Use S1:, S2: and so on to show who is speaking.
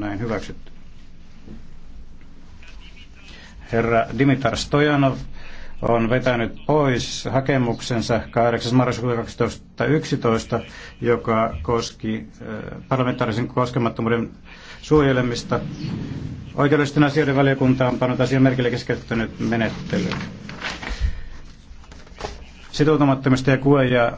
S1: Näin hyväksytty. Herra Dimitar Stojanov on vetänyt pois hakemuksensa 8. marraskuuta 2011, joka koski äh, parlamentaarisen koskemattomuuden suojelemista. Oikeudellisten asioiden valiokunta on pannut asian merkille keskeyttänyt menettelyyn. Sitoutumattomista ja kuoja ja